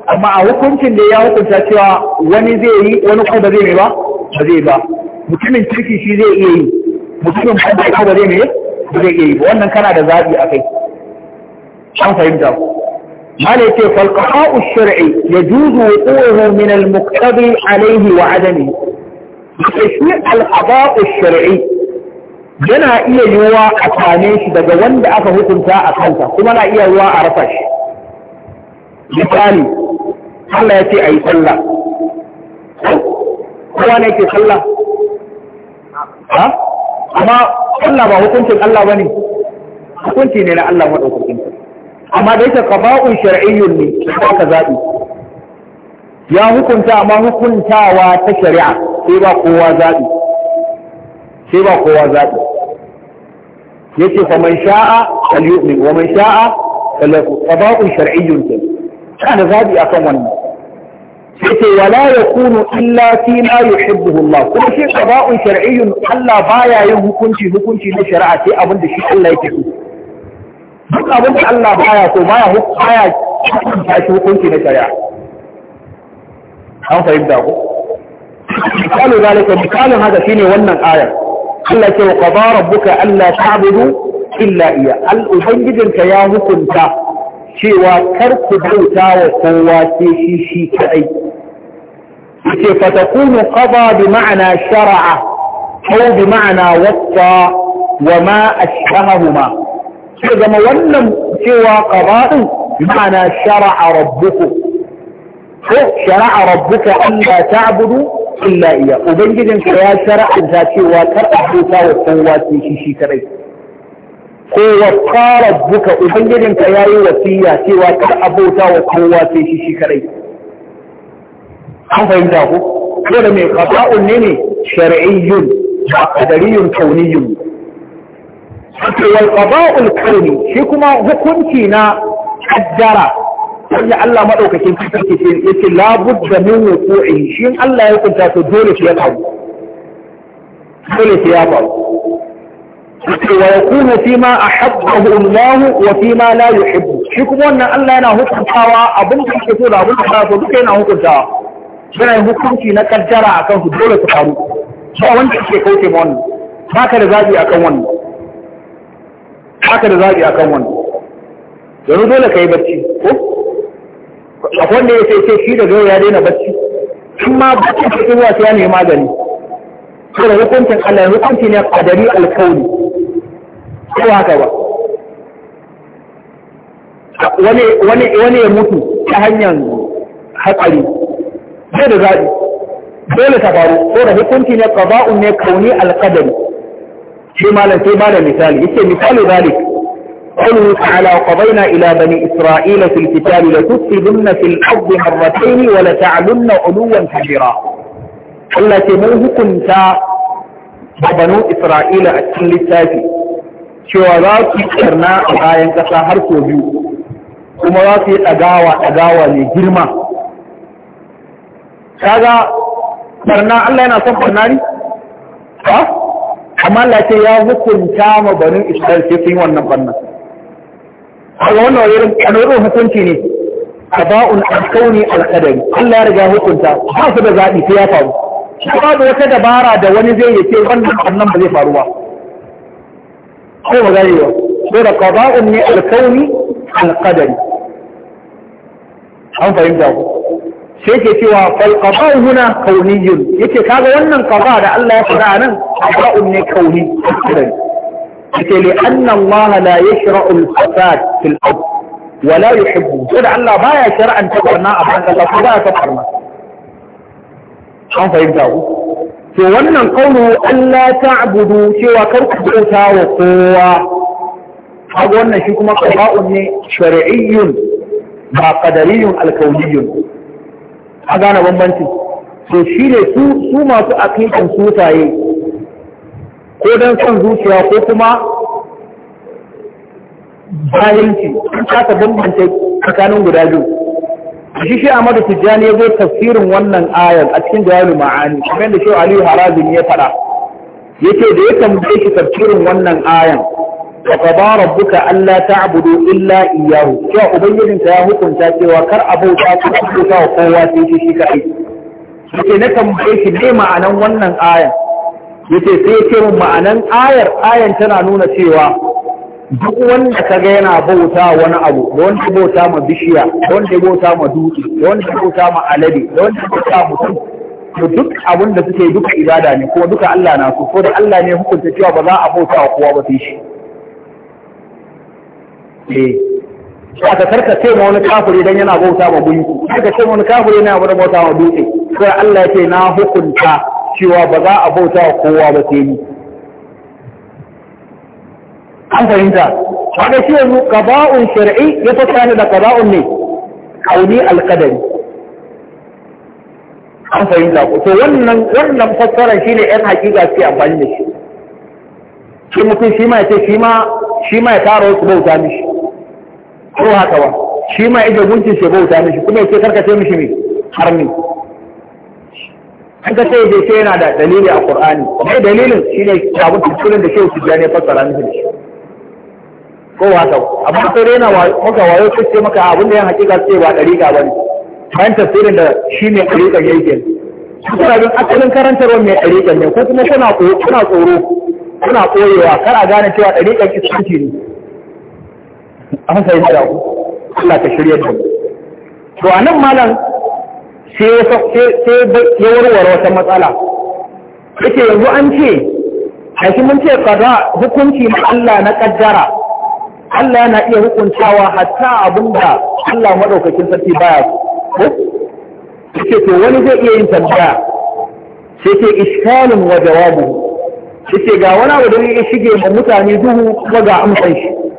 amma a hukuncin da ya hukunta cewa wani zai yi wani kuma zai yi ba ba zai ba mutumin ciki shi zai iya yi mutumin kuma ba zai yi ba zai iya yi wannan kana da zabi a kai an fahimta ku مالك فالقحاء الشرعي يجوز وقوعه من المقتضي عليه وعدمه تشريع القضاء الشرعي yana iya yiwuwa a kame shi daga wanda aka hukunta a kansa kuma na iya yiwuwa a rasa shi Allah ya ce a yi kowa ne ke sallah amma Allah ba hukuncin Allah ba ne ne na Allah amma da yake qada'un shar'iyyun ne ka zaɓi. ya hukunta amma hukuntawa ta shari'a sai ba kowa zaɓi. sai ba kowa zaɓi. Ya ce fa man sha'a falyu'min wa man sha'a falyakfur qada'un shar'iyyun da zaɓi a kan wannan ce wala ya yakunu illa fi ma yuhibbuhu Allah kuma shi qada'un shar'iyyun Allah baya yin hukunci hukunci na shari'a sai abin da shi Allah yake so duk abin da Allah baya so baya baya ya shi hukunci na shari'a an fahimta ko misalin zalika misalin haka shine wannan ayar Allah ce wa qada rabbuka alla ta'budu illa iya al ubangijinka ya hukunta cewa kar ku bauta wa kowa sai shi shi kadai yace fatakunu qada bi ma'ana shar'a aw bi ma'ana wasa wa ma ashbahahuma sai zama wannan cewa ƙaba'in ma'ana shara'a rabbuku ko shara'a rabbuka an ba ta abudu illa iya ubangijinka ya shara'anta cewa kar a bauta wa kowa sai shi shi kadai ko wa qara rabbuka ubangijinka yayi wasiya cewa kar a bauta wa kowa sai shi shi kadai an fahimta ko ko da mai qada'un ne ne shar'iyyun ba qadariyun kauniyyun wato walƙaba'ul ƙarni shi kuma hukunci na ƙaddara kan Allah maɗaukakin kasar ke fiye yake da min hukuri shi Allah ya hukunta to dole su ya dole su ya faru wato wa yakunu fi ma ahabbahu Allah wa wannan Allah yana hukuntawa abin da yake so da ba so duka yana hukuntawa yana hukunci na ƙaddara akan su da zabi wannan haka da zaɓi akan wani yanzu dole ka yi bacci ko a wanda ya sai shi da gaba ya daina bacci sun ma bacci ta zuwa ta yanayi magani ko da hukuncin Allah hukunci ne a dari alkauni ko haka ba wani ya mutu ta hanyar hatsari zai da zaɓi dole ta faru ko da hukunci ne qada'un ne kauni alkadari shi مالا sai مالا مثال misali مثال ذلك zalik قوله تعالى وقضينا إلى بني إسرائيل في الكتاب لتفسدن في الأرض مرتين ولتعلن علوا كبيرا التي من كنت بنو إسرائيل أتن للتاجي شوارات كرنا آيان كسا هرسو بيو كمرات أقاوى أقاوى لجرمة هذا كرنا الله ينا صفر ناري ها amma ce ya hukunta ma banin Isra'il sai sun yi wannan bannan kaga wannan irin kanorin hukunci ne qada'un al-kawni al-qadari Allah ya riga hukunta ba su da zaɓi sai ya faru babu wata dabara da wani zai yi ce wannan bannan ba zai faru ba ko ba zai yi ba da qada'un ne al-kawni al-qadari an fahimta ku sai ke cewa falqada huna kauniyyun yake kaga wannan qada da Allah ya faɗa nan qada'un ne kauni yake li anna Allah la yashra'u al-fasad fil ard wa la yuhibbu saboda Allah baya shar'an ta barna a bayan Allah ko baya ta barna an fahimta ku to wannan kaulu Allah ta'budu cewa kar ku bauta wa kowa kaga wannan shi kuma qada'un ne shar'iyyun ba qadariyun al-kauniyyun a gane bambanci to shi ne su masu akikin sufaye ko don son zuciya ko kuma bayanci an kasa bambance tsakanin guda biyu shi shi Ahmadu Tijjani ya zo tafsirin wannan ayar a cikin jawabin ma'ani kamar da Shehu Aliyu Harazim ya faɗa yake da ya tambaye shi tafsirin wannan ayan wa qada allah ta abudu illa iyyahu cewa ta ya hukunta cewa kar a bauta ku bauta wa kowa sai shi shi kai yake na tambaye shi ne ma'anan wannan aya yace sai yake mun ma'anan ayar ayan tana nuna cewa duk wanda ka ga yana bauta wani abu da wanda bauta ma bishiya da wanda bauta ma dutse da wanda bauta ma alade da wanda bauta mutum to duk abin da suke duka ibada ne kuma duka Allah na so ko da Allah ne hukunta cewa ba za a bauta wa kowa ba sai shi eh aka karkace ma wani kafiri dan yana bauta ma gunki aka ce wani kafiri yana bauta ma dutse sai Allah yake na hukunta cewa ba za a bauta wa kowa ba sai ni an fahimta wanda shi yanzu qada'un shar'i ya fata da qada'un ne kauni alqadari an fahimta ko to wannan wannan fassara shine yan hakika suke amfani da shi shi mutum shi ma ya ce shi ma shi ma ya tara wasu bauta mishi ko haka ba shi ma ido gunkin shi bauta mishi kuma yake karkace mishi ne harmi an ka sai da ke yana da dalili a qur'ani mai dalilin shine kabun tafsirin da shehu tijjani ya fassara mishi shi ko haka amma sai rena maka wayo kace maka abin da ya hakika sai ba dariƙa bane kan tafsirin da shi ne dariƙa yake kuma bin asalin karantarwa mai dariƙa ne ko kuma kuna tsoro kana tsoro kana koyewa kar a gane cewa dariqa iskanci ne an sai da ku Allah ka shirya da ku to a nan malam sai ya warware wata matsala yake yanzu an ce aiki mun ce kaza hukunci na Allah na kaddara Allah na iya hukuntawa hatta da Allah madaukakin sarki baya ko yake to wani zai iya yin tambaya sai ke iskalin wa jawabu yake ga wani abu da ya shige ma mutane duhu kuma ga amsan shi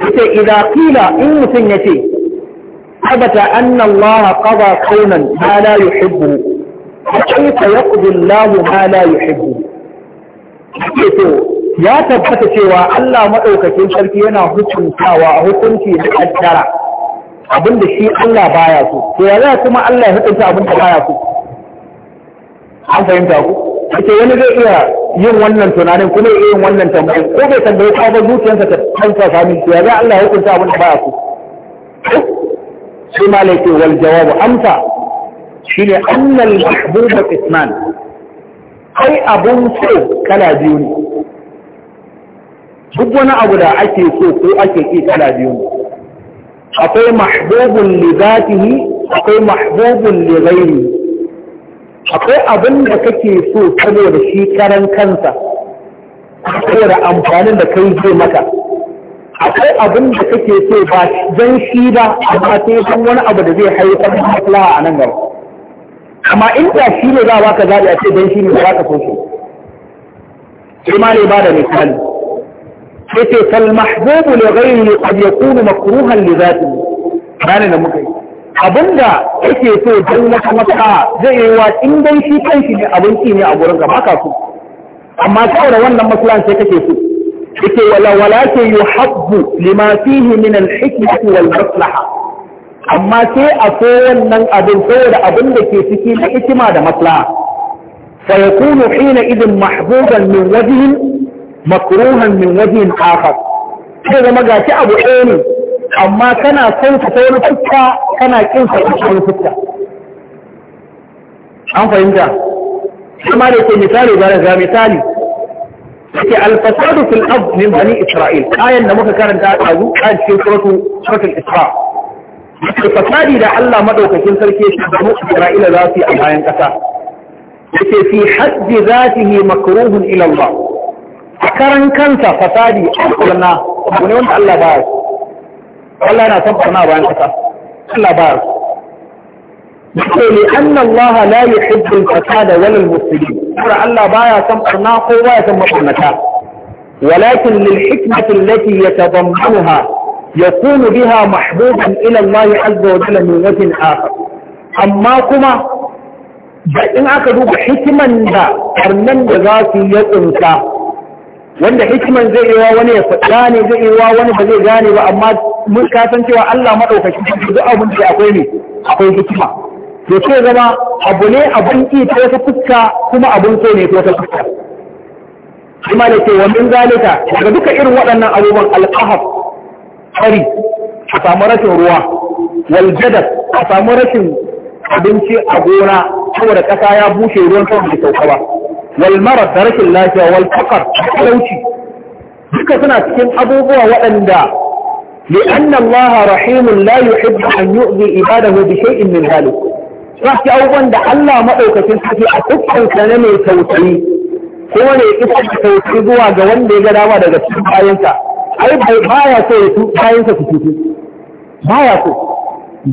sai idza qila in mutum yace abata anna Allah qada qawlan ma la yuhibbu kaifa yaqdi Allah ma la yuhibbu to ya tabbata cewa Allah madaukakin sarki yana hukuntawa a hukunci na kaddara abinda shi Allah baya so to ya za kuma Allah ya hukunta abinda baya so an fahimta ku kace wani zai iya yin wannan tunanin kuma ya yin wannan tambayin ko bai tambayi ko ba zuciyarsa ta tanka sami to ya ga Allah ya hukunta abin da ba su sai malai ce wal jawabu amsa shine annal mahbub isman kai abun so kala biyu ne duk wani abu da ake so ko ake ki kala biyu ne akwai mahbubun li zatihi akwai mahbubun li ghairihi akwai abin da kake so saboda shi karan kansa da amfanin da kai zai maka akwai abin da kake so ba don shi ba amma sai don wani abu da zai haifar da maslaha a nan gaba amma in da shi ne za a baka zaɓi a ce don shi ne za ka so shi shi ne ba da misali sai ce kal ne li ne qad yakunu makruhan li zatihi ranar da muka yi abinda kake so don wata masa zai yi wa in dai shi kanshi ne abin ki ne a gurin gaba ka so amma saboda wannan maslahan sai kake so yake wala wala ke yuhabbu lima fihi min al wal maslaha amma sai a so wannan abin saboda abin da ke ciki na hikima da maslaha fa yakunu hina idin mahbuban min wajhin makruhan min wajhin akhar sai zama gashi abu ɗaya ne amma kana son ka ta wani fuska kana kin sa ta wani fuska an fahimta kuma da ke misali ba ga misali yake alfasadu fil ard min bani isra'il kayan da muka karanta a zu a cikin suratul suratul isra yake fasadi da Allah madaukakin sarki ya shiga mu isra'ila za su yi a bayan kasa yake fi haddi zatihi makruhun ila Allah a karan kansa fasadi a kullu wani wanda Allah ba ya Allah yana son barna bayan kasa Allah ba yake ne anna Allah la yuhibbu al-fasada wal mufsidin Allah baya son barna ko baya son mabarnata walakin lil hikmati allati ya yakunu biha mahbuban ila Allah azza wa jalla min wajhin akhar amma kuma da in aka duba hikiman da karnan da za su yi ya tsinka wanda hikiman zai yi wa wani ya faɗa ne zai yi wa wani ba zai gane ba amma mun kasan cewa Allah maɗaukaki da duk abin da akwai ne akwai hikima to ce zama abu ne abun ki ta wata fuska kuma abun so ne ta wata fuska kuma da ke wannan zalika daga duka irin waɗannan abubuwan alƙahar hari a samu rashin ruwa waljadar a samu rashin abinci a gona saboda ƙasa ya bushe ruwan sama da sauka ba walmara da rashin lafiya wal fakar talauci duka suna cikin abubuwa waɗanda li'anna annallaha rahimun layu yuhibbu an ibada ibadahu bi shay'in min zalik sai abubuwan da Allah maɗaukacin sarki a dukkan sa ne mai tausayi kuma ne isa da tausayi zuwa ga wanda ya ga dama daga cikin bayansa ai baya so ya tu bayansa su tutu baya so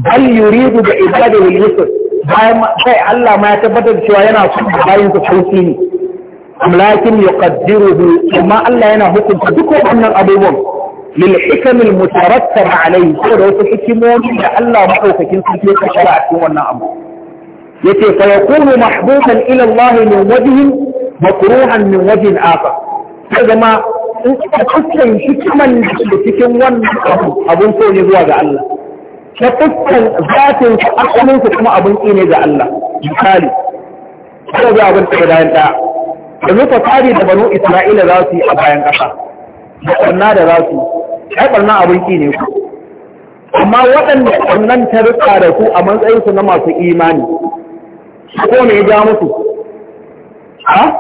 bal yuridu da ibada al-yusr bayan sai Allah ma ya tabbatar cewa yana son bayansa tausayi ne lakin ya yuqaddiruhu amma Allah yana hukunta duk wannan abubuwan lil hikam al mutarattab alayhi saboda wasu hikimomi da Allah madaukakin sarki ya shara a cikin wannan abu yace fa yakunu mahbuban ila Allah min wajhin makruhan min wajhin akhar sai zama in ka fuskan hikiman da cikin wannan abu abun so ne zuwa ga Allah ta fuskan zatin asalin kuma abun ne ga Allah misali ko da abin da bayan da yanzu nufa tsari da banu isra'ila za su yi a bayan ƙasa da ƙarna da za su ai ƙarna abin ki ne ku amma waɗanda ƙarnan ta rika da ku a matsayinsu na masu imani ko me ya ja musu a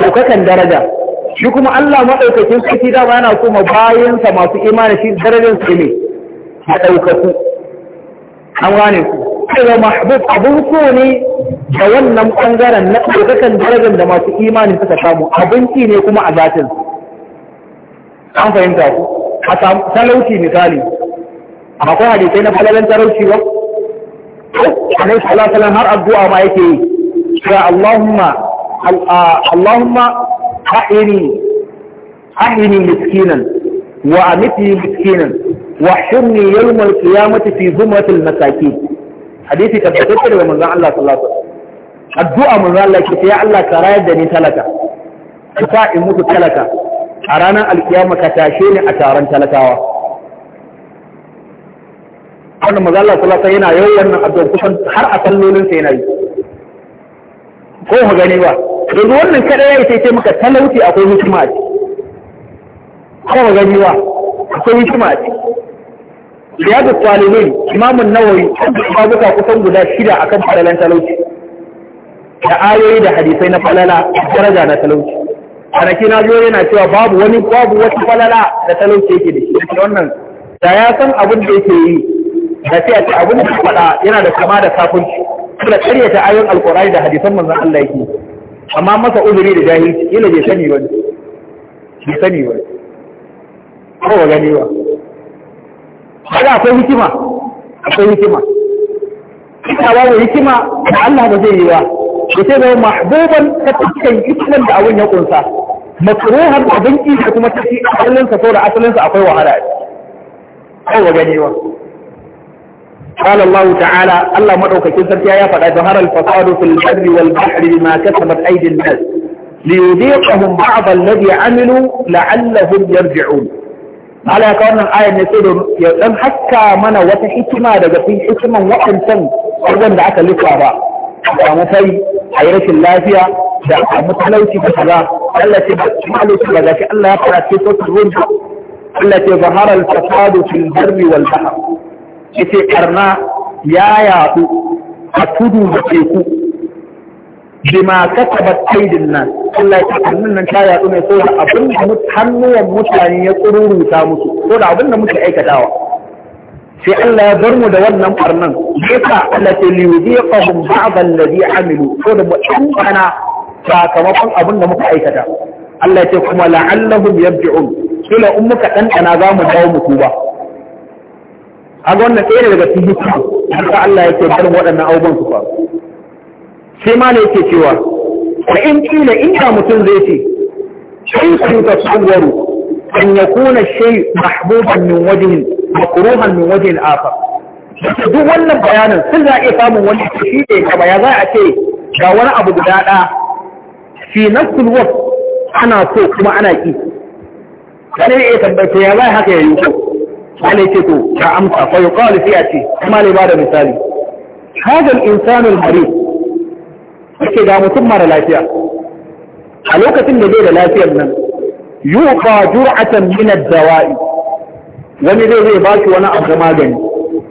ɗaukakan daraja shi kuma Allah maɗaukakin sarki ba yana kuma bayansa masu imani shi darajar su ne a ɗaukaku an gane ku cewa mahbub abun so ne da wannan ɓangaren na ɗaukakan darajar da masu imani suka samu abinci ne kuma a zatin an fahimta ku a talauci misali akwai hadisai na falalin talauci ba a nan salatalan har addu'a ma yake yi ya Allahumma Allahumma ha'ini ha'ini miskinan wa amiti miskinan wa shirni yawmal qiyamati fi zumratil masakin hadisi tabbatacce daga manzon Allah sallallahu alaihi wasallam addu'a manzon Allah ke ya Allah ka rayar da ni talaka ka sa in mutu talaka a ranar alkiyama ka tashe ni a taron talakawa wannan manzon Allah sallallahu alaihi wasallam yana yawan nan addu'a kusan har a sallolin sa yana yi ko mu gani ba yanzu wannan kada yayi sai sai muka talauci akwai hikima ce ko mu gani ba akwai hikima ce ga talibin imamun nawawi babuka kusan guda shida akan falalan talauci da ayoyi da hadisai na falala daraja na talauci kwanaki na zo yana cewa babu wani babu wata falala da talauci yake da shi da wannan da ya san abin da yake yi da fiye a ce abin da faɗa yana da kama da kafunci da ta ayoyin alkurani da hadisan manzan Allah yake amma masa uzuri da jahilci ila bai sani ba bai sani ba ko gani ba kaga akwai hikima akwai hikima ita babu hikima da Allah ba zai yi ba da sai zama mahbuban ta cikin hikiman da abin ya kunsa makruhan abin ki da kuma tafi asalin sa saboda asalin sa akwai wahala ko ga gani ba قال الله تعالى الله مدوكاكين سرتي يا فدا ظهر الفساد في البر والبحر بما كسبت ايدي الناس ليذيقهم بعض الذي عملوا لعلهم يرجعون Allah ya kawo wannan ayar ne sai domin ya dan haska mana wata hikima daga cikin hikiman waɗancan abubuwan da aka lissafa ba a samu sai a yi rashin lafiya da a mutalauci da kaza Allah ce ba shi maluci ba gashi Allah ya fara ce sautar ruwa Allah ce ba al-fasadu fil barri wal bahr yace ƙarna ya yaɗu a tudu da teku bima katabat aidin nan Allah ya ce nan ta yaɗu ne saboda abin da hannuwan mutane ya tsururuta musu da abin da muke aikatawa sai Allah ya bar mu da wannan farnan yasa Allah ta liyuziqahum ba'd alladhi amilu da mu dan bana sakamakon abin da muka aikata Allah ya ce kuma la'allahum yabdi'un kila in muka dan za mu dawo mu tuba a ga wannan ɗaya daga cikin hikima Allah ya ce bar waɗannan abubuwan su faru sai ma ne yake cewa da in kila in ka mutum zai ce sai su ta tsawwaru an ya kuna shai mahbuban min wajen makruhan min wajen afa duk wannan bayanin sun za a iya samun wani shi ne kama ya za a ce ga wani abu guda ɗaya fi nafsul waf ana so kuma ana ki kana ya tabbata ya za haka ya yi ko wani ce to ka amsa fa yuqalu fi ce. kuma ne ba da misali hadal insanul marid yake ga mutum mara lafiya a lokacin da zai da lafiyar nan yuqa jur'atan min ad-dawa'i wani zai zai baki wani abu magani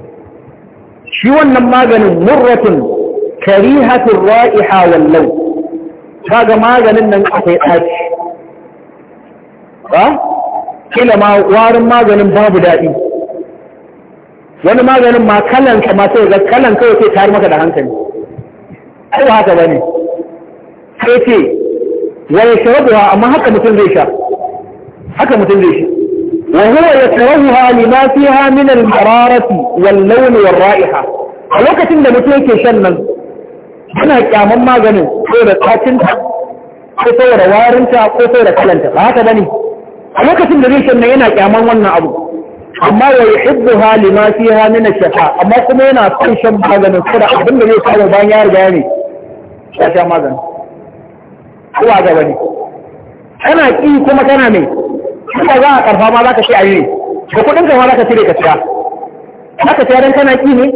shi wannan maganin murratun karihatu ra'iha wallau kaga maganin nan akwai daci ba kila ma warin maganin babu daɗi wani maganin ma kalan ma sai ga kalan kawai sai tayar maka da hankali ai ba haka bane sai ce wa yashrabuha amma haka mutum zai sha haka mutum zai sha wa huwa yakrahuha lima fiha min al-hararati wal-lawn war-ra'iha a lokacin da mutum yake shan nan yana kyaman maganin ko da tsacinta ko saboda warinta ko saboda kalanta ba haka bane a lokacin da zai shan nan yana kyaman wannan abu amma wa yuhibbuha lima fiha min ash-shafa amma kuma yana son shan maganin saboda abin da zai samu bayan ya riga ne ya sha magani kowa gaba ne kana ƙi kuma kana mai kuma za a karfa ma za ka shi a yi da kuɗin kama za ka cire ka siya za ka siya don kana ƙi ne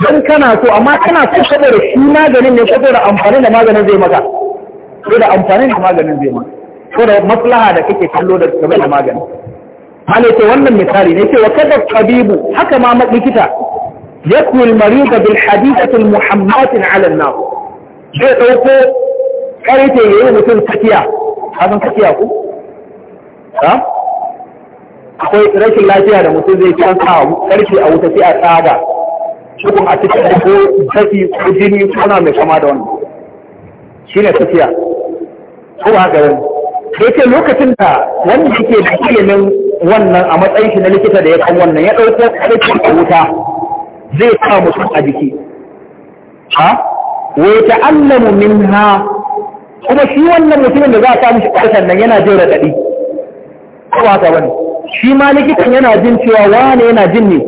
don kana so amma kana so saboda shi maganin ne saboda amfanin da maganin zai maka saboda amfanin da maganin zai maka saboda maslaha da kake kallo da game da maganin hali ce wannan misali ne ce wa kada tabibu haka ma likita yakul mariga bil hadithatul muhammadin ala an-nas zai ɗauko ƙarfe ya yi mutum tafiya abin tafiya ku ha akwai rashin lafiya da mutum zai can sa ƙarfe a wuta sai a tsada cikin a cikin da ko tafi ko jini ko na mai kama da wannan shi ne tafiya ko ba haka wani sai ce lokacin da wanda yake da ilimin wannan a matsayin shi na likita da ya kan wannan ya ɗauko ƙarfe a wuta zai sa mutum a jiki ha wa min ha? kuma shi wannan mutumin da za a samu shi ƙarshen nan yana jin raɗaɗi ko ba haka wani shi ma likitan yana jin cewa wane yana jin ne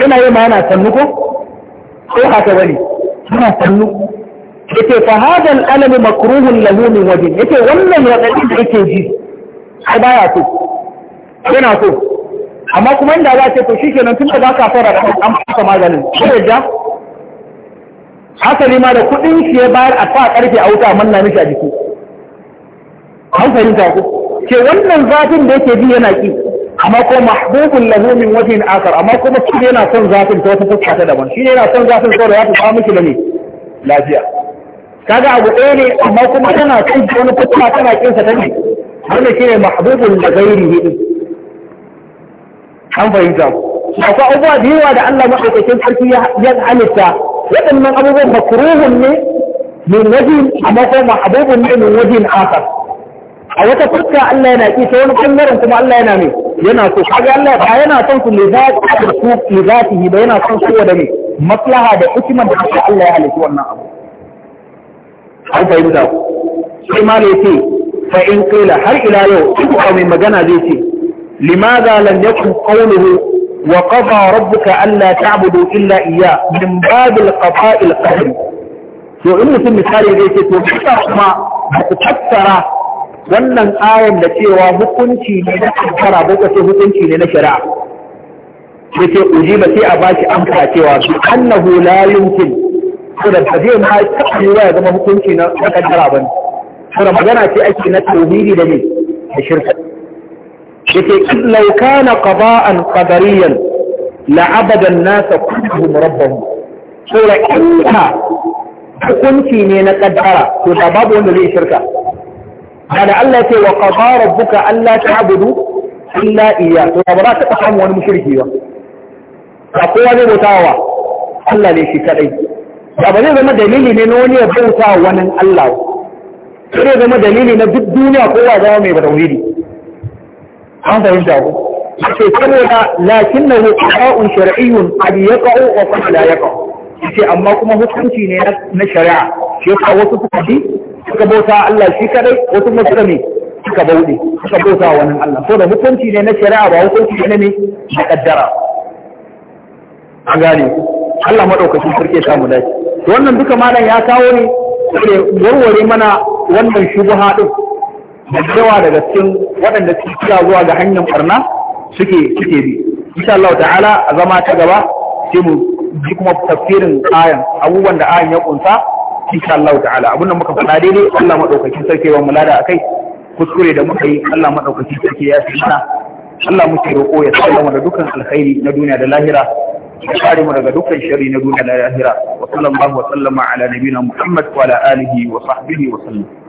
yana yi ma yana sannu ko ko haka wani yana sannu ce fa hadal alamu makruhun lahu waje? Ya ce wannan raɗaɗi da yake ji ai baya so yana so amma kuma inda za ce to shi shikenan tun da za ka fara an fasa maganin ko da ja hasali ma da kuɗin shi ya bayar a sa ƙarfe a wuta manna mishi a jiki an ta ku Ke wannan zafin da yake bi yana ki amma ko mahbubun lahu min wajhin akhar amma kuma shi yana son zafin ta wata fuska ta daban shi yana son zafin saboda ya ta miki da lafiya kaga abu ɗaya ne amma kuma tana son wani fuska tana kin sa ta ne wannan shine mahbubun da gairi ne an fahimta ku akwai abubuwa da yawa da Allah madaukakin sarki ya halitta waɗannan abubuwan makruhun ne min wajin amma kuma mahabubun ne min waje akar a wata fuska Allah yana ƙi ta wani bangaren kuma Allah yana ne yana so kaga Allah ba yana son su ne za su ba yana son su da ne maslaha da hikimar da aka Allah ya halitta wannan abu an fahimta ku sai ma ce fa in qila har ila yau duk mai magana zai ce limaza lam yakun qawluhu وقضى Allah ta تعبدوا إلا illa iya باب القضاء القهر to in mutum misali zai ce to duka kuma ba ku tattara wannan ayan da cewa hukunci ne na kankara ko kace hukunci ne na shari'a sai ce uji ba sai a baki amsa cewa su annahu la yumkin ko da ba zai ma taɓa ya zama hukunci na kankara ba ne magana ce ake na tauhidi da ne da shirka yake in law kana qada'an qadariyan la abada an-nas kulluhum rabbahum sura inna hukunci ne na kaddara to da babu wanda zai shirka da Allah ya ce wa qada rabbuka alla ta'budu illa iyyah to ba za ka samu wani mushriki ba ba kowa zai bautawa Allah ne shi kadai ba ba zai zama dalili ne na wani ya bauta wani Allah sai zai zama dalili na duk duniya kowa zama mai tauhidi an fahimta ku sai saboda lakin lakinnahu qa'un shar'iyyun qad yaqa'u wa da ya kawo. yace amma kuma hukunci ne na shari'a shi kawo wasu kuka bi suka bauta Allah shi kadai wasu kuma suka ne suka bauɗe suka bauta wa wannan Allah so da hukunci ne na shari'a ba hukunci ne ne na kaddara an gane Allah madaukaki sarki ya samu dace wannan duka malam ya kawo ne da warware mana wannan shubha din da yawa daga cikin waɗanda suke kira zuwa ga hanyar ɓarna suke suke bi insha Allah ta'ala a zama ta gaba sai mu ji kuma tafsirin ayan abubuwan da ayan ya kunsa insha Allah ta'ala abin da muka faɗa daidai Allah madaukakin sarki wa mulada akai kuskure da muka yi Allah madaukakin sarki ya fi mana Allah muke roƙo ya sallama da dukkan alkhairi na duniya da lahira ya kare mu daga dukkan shari na duniya da lahira wa sallallahu wa sallama ala nabiyina Muhammad wa ala alihi wa sahbihi wa sallam